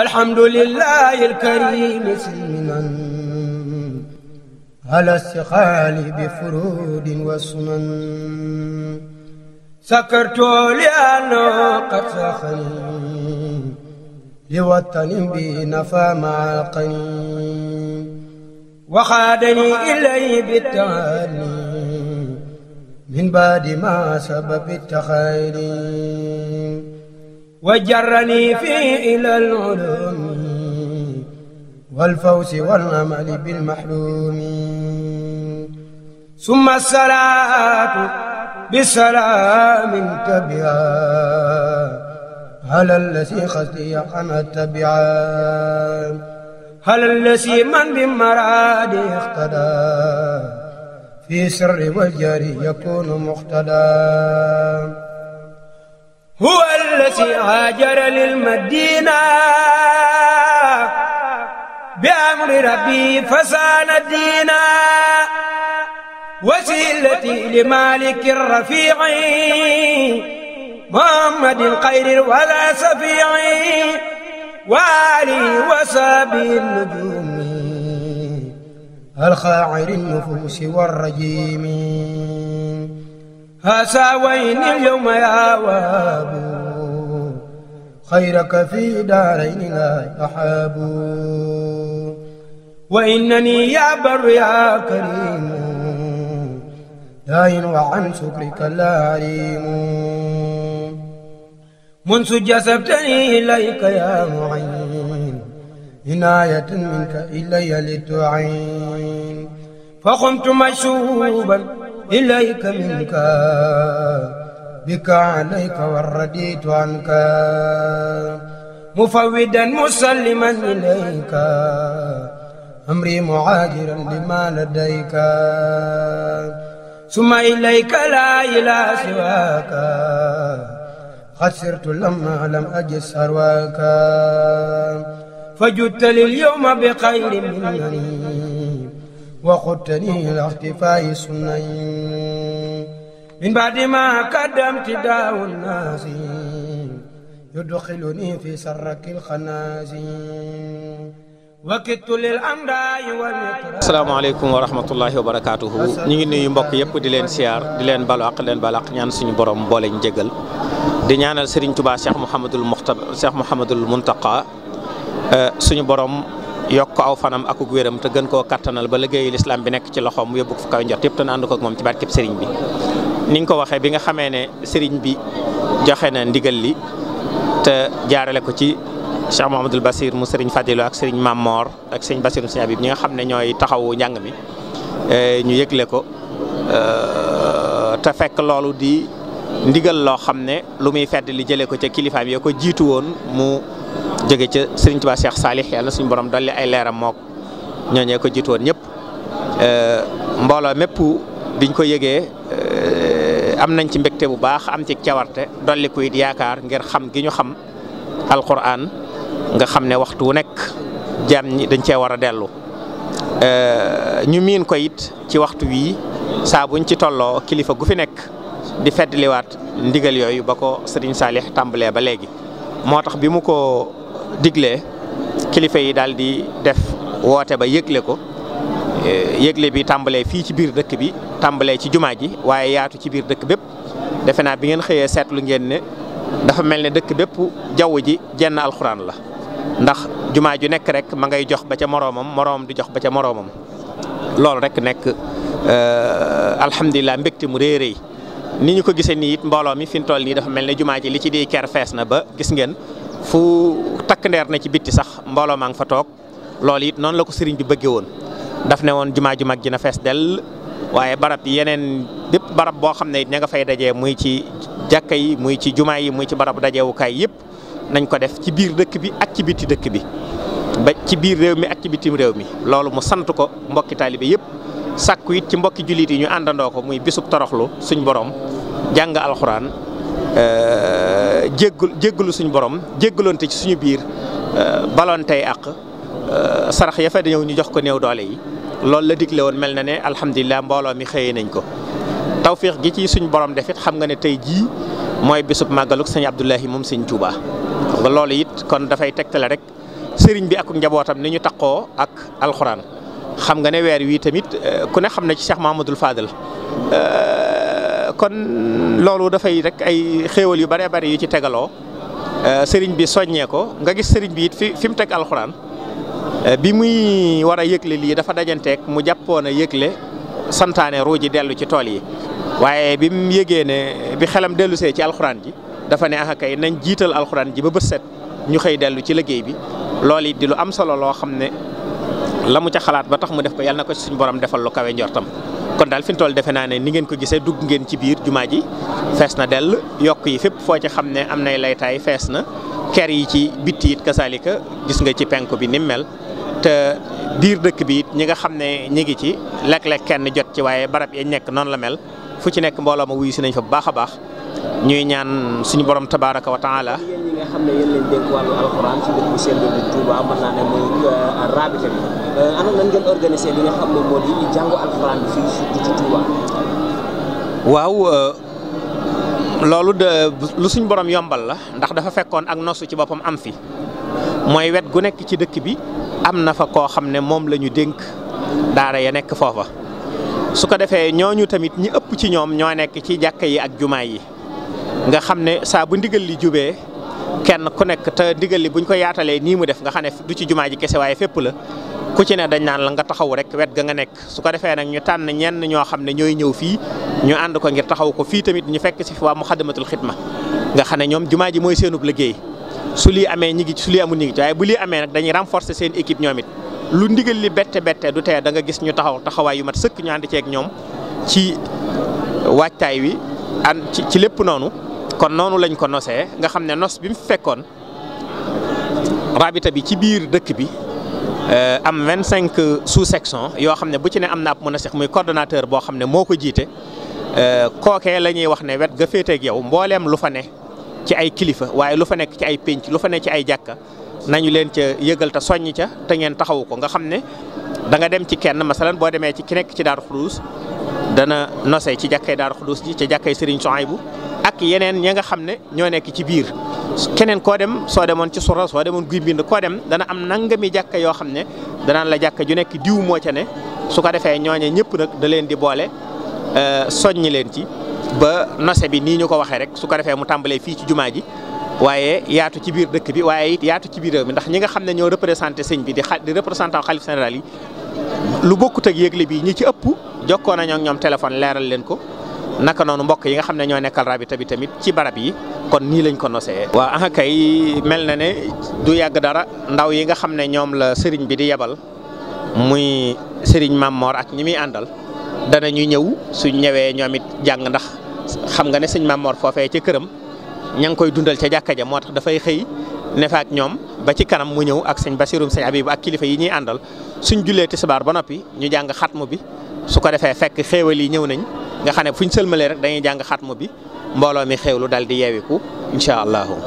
alhamdulilahi lkarimi siman ala stixaali bi furudin wa sunan sakartu liano qad saxani liwatani bi nafa maqani waxaadani ilay bitaani min baadi ma sababi taxayri وجرني في إلى العلوم والفوز والأمل بالمحلوم ثم الصلاة بسلام تبعا على الذي خزي عن التبعا هل الذي من بمراد اقتدى في سر والجار يكون مقتدى هو الذي هاجر للمدينة بأمر ربي فسان الدين وسيلتي لمالك الرفيع محمد الخير ولا سفيع وآله وصحبه النجوم الخاعر النفوس والرجيم هسا وين اليوم يا وابو خيرك في دارين لا أحاب وإنني يا بر يا كريم داين وعن شكرك لا أريم منذ جسبتني إليك يا معين عناية منك إلي لتعين فقمت مشوبا إليك منك بك عليك والرديت عنك مفودا مسلما إليك أمري معاجرا لما لديك ثم إليك لا إله سواك قد سرت لما لم أجد سرواك فجدت لليوم بخير منني وقدتني لاختفاء سنين من بعد ما قدمت داو الناس يدخلني في سرك الخنازير وكدت للأمداء والمطر asalaamaaleykum wa rahmatullahi wa barakaatuhu ñu ngi nuyu mbokk yëpp di leen siyaar di leen balu ak leen balu ak ñaan suñu borom boole ñu jégal di ñaanal Serigne Touba Cheikh Mouhamadul Muxtab Cheikh Mouhamadul Muntaqa eh, suñu borom yokk ko aw fanam ak ug wéram te gën koo kattanal ba liggéeyu lislaam bi nekk ci loxoom yóbbu ko fa kaw njort yëpp te na ànd ko ak moom ci barkeb Serigne bi. niñ ko waxee bi nga xamee ne sëriñ bi joxe na ndigal li te jaarale ko ci Cheikh Mouhamadul Basir mu sëriñ Fadilou ak sëriñ Mamor ak sëriñ Basir mu sëriñ Habib nga xam ne ñooy taxawu njàng mi eh, ñu yëgle ko eh, te fekk loolu di ndigal loo xam ne lu muy fedd li jëlee ko ca kilifaam yoo ko jiitu woon mu jóge ca sëriñ Tuubaa Cheikh Salih yàlla na suñu borom dolli ay leeram mook ñooñee ko jiitu woon ñëpp eh, mbooloo mépp biñ ko yëgee am nañ ci mbégte bu baax am ci cawarte dolli ko yaakaar ngir xam gi ñu xam alquran nga xam ne waxtu wu nekk jaam ñi dañ cee war a dellu ñu miin koyit ci waxtu wii saa buñ ci tolloo kilifa gu fi nekk di feddliwaat ndigal yooyu ba ko sëriñ Saalix tàmbalee ba léegi moo tax bi mu ko digle kilifa yi daal di def woote ba yëgle ko Eh, yëgle bi tàmbalee fii ci biir dëkk bi tàmbalee ci jumaa ji waaye yaatu ci biir dëkk bépp defe naa bi ngeen xëyee seetlu ngeen ne dafa mel ne dëkk bépp jaww ji jenn alxuraan la ndax jumaa ju nekk rek ma ngay jox ba ca moroomam moroomam di jox ba ca moroomam loolu rek nekk eh, alhamdulilah mbégte mu rëy a rëy ni ñu ko gisee nii it mbooloo mi fi mu toll nii dafa mel ne jumaa ji li ci di ker fees na ba gis ngeen fu takk ndeer na ci bitti sax mbooloo maa ngi fa toog loolu it noonu la ko sëriñ bi bëggee woon. daf ne woon jumaa ju mag ji na fees dell waaye barab yeneen bépp barab boo xam ne it ña nga fay dajee muy ci jàkka yi muy ci jumaa yi muy ci barab dajewukaay yëpp nañ ko def ci biir dëkk bi ak ci biti dëkk bi ba ci biir réew mi ak ci bitim réew mi loolu mu sant ko mbokki taalibe yëpp sàkku it ci mbokki jullit yi ñu àndandoo ko muy bisub toroxlu suñ borom jàng alxuraan euh, jéggul jéggalu suñ borom jéggaloonte ci suñu biir euh, baloon tey àq Euh, sarax ya fa di ñëw ñu jox ko néew doole yi loolu la digle woon mel na ne alhamdulilah mbooloo mi xëyee nañ ko tawfiix gi ci suñ borom defit xam nga ne tey jii mooy bisub màggaluk sëñ Abdoulahi moom sëñ Touba loolu it kon dafay tegtale rek sëriñ bi ak njabootam ni ñu taqoo ak alxuraan xam nga ne weer wi tamit euh, ku ne xam ne ci ma Mahamadoul Fadal euh, kon loolu dafay rek ay xéewal yu bëree bëri yu ci tegaloo sëriñ bi soññee ko nga gis sëriñ bi it fi mu teg alxuraan. Eh, bi muy war a yëgle lii dafa dajanteeg mu jàppoon a yëgle santaane ruuji dellu ci tool yi waaye bi mu yëgee ne bi xelam dellusee ci alxuraan ji dafa ne ah kay nañ jiital alxuraan ji ba bët set ñu xëy dellu ci liggéey bi lool it di lu am solo loo xam ne lamu ca xalaat ba tax mu def ko yàlla na ko suñu borom defal lu kawe njortam kon daal fi ñu toll defe naa ne ni ngeen ko gisee dugg ngeen ci biir jumaa ji fees na dell yokk yi fépp foo ci xam ne am nay laytaay fees na ker yi ci bitti kasaalika gis nga ci penk bi ni mu mel te biir dëkk bi it ñi nga xam ne ñi ngi ci léeg-léeg kenn jot ci waaye barab yi nekk noonu la mel fu ci nekk mbooloo ma wuyu si nañ fa bu baax a baax ñuy ñaan suñu borom tabaaraka wa taala yéen ñi euh, euh, waaw euh, loolu de lu suñ borom yombal la ndax dafa fekkoon ak nosu ci boppam am fi. mooy wet gu nekk ci dëkk bi am na fa koo xam ne moom la ñu dénk daara ya nekk foofa su ko defee ñooñu tamit ñi ëpp ci ñoom ñoo nekk ci jàkka yi ak jumaa yi nga xam ne saa bu ndigal li jubee kenn ku nekk te ndigal li buñ ko yaatalee nii mu def nga xam ne du ci jumaa ji kese waaye fépp la ku ci ne dañ naan la nga taxaw rek wet ga nga nekk su ko defee nag ñu tànn ñenn ñoo xam ne ñooy ñëw fii ñu ànd ko ngir taxaw ko fii tamit ñu fekk si waa Muxaddamatul Xidma nga xam ne ñoom jumaa ji mooy seenub liggéey su lii amee ñi ngi ci su lii amul ñi ngi ci waaye bu lii amee nag dañuy renforcer seen équipe ñoom lu ndigal li bette bette du tee da nga gis ñu taxaw taxawaay yu mat sëkk ñu ànd ceeg ñoom ci waajtaay wi ànd ci lépp noonu kon noonu lañ ko nosee nga xam ne nos bi mu fekkoon rabita bi ci biir dëkk bi euh, am vingt cinq sous section yoo xam ne bu ci ne am na ab munasex muy coordinateur boo xam ne moo ko jiite euh, kookee la ñuy wax ne wet ga féeteeg yow mbooleem lu fa ne ci ay kilifa waaye lu fa nekk ci ay pénc lu fa nekk ci ay jàkka nañu leen ca yëgalta soññ ca te ngeen taxawu ko nga xam ne da nga dem ci kenn masalan boo demee ci ki ci Daaru Xuduus dana nose ci jàkkay Daaru Xuduus ji ca jàkkay Serigne Souhaïbou ak yeneen ña nga xam ne ñoo nekk ci biir keneen koo dem soo demoon ci sura soo demoon guy mbind koo dem dana am nangami jàkka yoo xam ne danaan la jàkka ju nekk diw moo ca ne su ko defee ñooñe ñëpp nag da leen di boole euh, soññ leen ci ba nose bi nii ñu ko waxee rek su ko defee mu tàmbalee fii ci jumaa ji waaye yaatu ci biir dëkk bi waaye it yaatu ci biir bi ndax ñi nga xam ne ñoo représenté sëñ bi di di représentant xalif général yi lu bokkut ak yëgle bi ñi ci ëpp jokkoo nañoo ak ñoom téléphone leeral leen ko naka noonu mbokk yi nga xam ne ñoo nekkal rabita bi tamit ci barab yi kon nii lañ ko nosee. waa ah kay mel na ne du yàgg dara ndaw yi nga xam ne ñoom la sëriñ bi di yebal muy sëriñ Mamor ak ñi muy àndal. dana danañu ñëw suñ ñëwee ñoom it jàng ndax xam nga ne sëñ Mamor foofee ca këram ña ngi koy dundal ca jàkka ja moo tax dafay xëy ne ñoom ba ci kanam mu ñëw ak sëñ Basirum sëñ Abibu ak kilifa yi ñuy àndal suñ jullee tisbaar ba noppi ñu jàng xatmu bi su ko defee fekk xéewal yi ñëw nañ nga xam ne fu fuñ sëlmalee rek dañuy jàng xatmu bi mbooloo mi xéewlu dal di yeewiku incha allahu